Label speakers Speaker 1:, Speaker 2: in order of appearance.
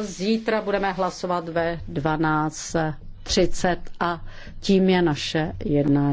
Speaker 1: Zítra budeme hlasovat ve
Speaker 2: 12.30 a tím je naše jednání.